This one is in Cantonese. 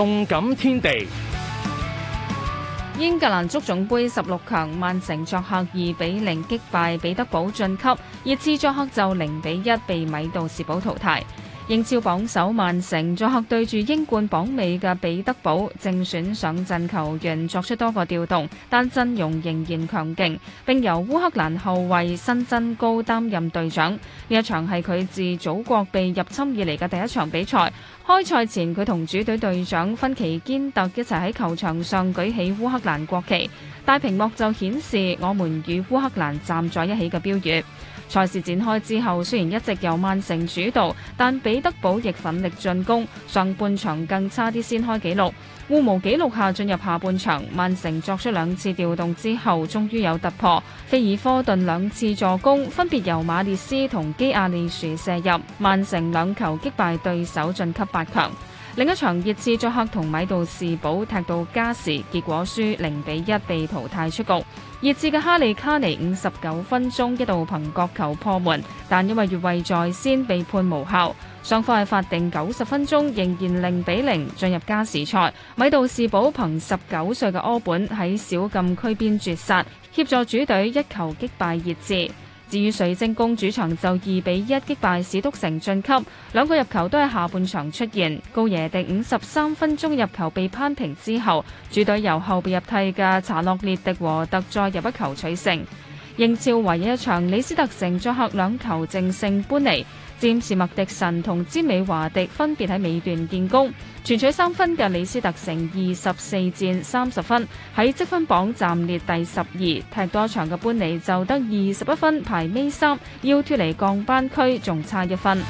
動感天地，英格蘭足總盃十六強，曼城作客二比零擊敗彼得堡晉級，熱刺作客就零比一被米杜士堡淘汰。英超榜首曼城作客對住英冠榜尾嘅彼得堡，正選上陣球員作出多個調動，但陣容仍然強勁，並由烏克蘭後衛新增高擔任隊長。呢一場係佢自祖國被入侵以嚟嘅第一場比賽。開賽前佢同主隊隊長芬奇堅特一齊喺球場上舉起烏克蘭國旗，大屏幕就顯示“我們與烏克蘭站在一起”的標語。賽事展開之後，雖然一直由曼城主導，但彼德堡亦奮力進攻。上半場更差啲先開紀錄，互無紀錄下進入下半場。曼城作出兩次調動之後，終於有突破。菲爾科頓兩次助攻，分別由馬列斯同基亞利殊射入，曼城兩球擊敗對手晉級八強。另一場熱刺作客同米杜士堡踢到加時，結果輸零比一被淘汰出局。熱刺嘅哈利卡尼五十九分鐘一度憑角球破門，但因為越位在先被判無效。雙方喺法定九十分鐘仍然零比零進入加時賽。米杜士堡憑十九歲嘅柯本喺小禁區邊絕殺，協助主隊一球擊敗熱刺。至於水晶宮主場就二比一擊敗史篤城晉級，兩個入球都係下半場出現，高耶迪五十三分鐘入球被扳平之後，主隊由後備入替嘅查洛列迪禾特再入一球取勝。英超唯一一場，李斯特城作客兩球正勝般尼，占士麥迪臣同詹美華迪分別喺尾段建功，全取三分嘅李斯特城二十四戰三十分，喺積分榜暫列第十二。踢多場嘅般尼就得二十一分，排尾三，要脱離降班區仲差一分。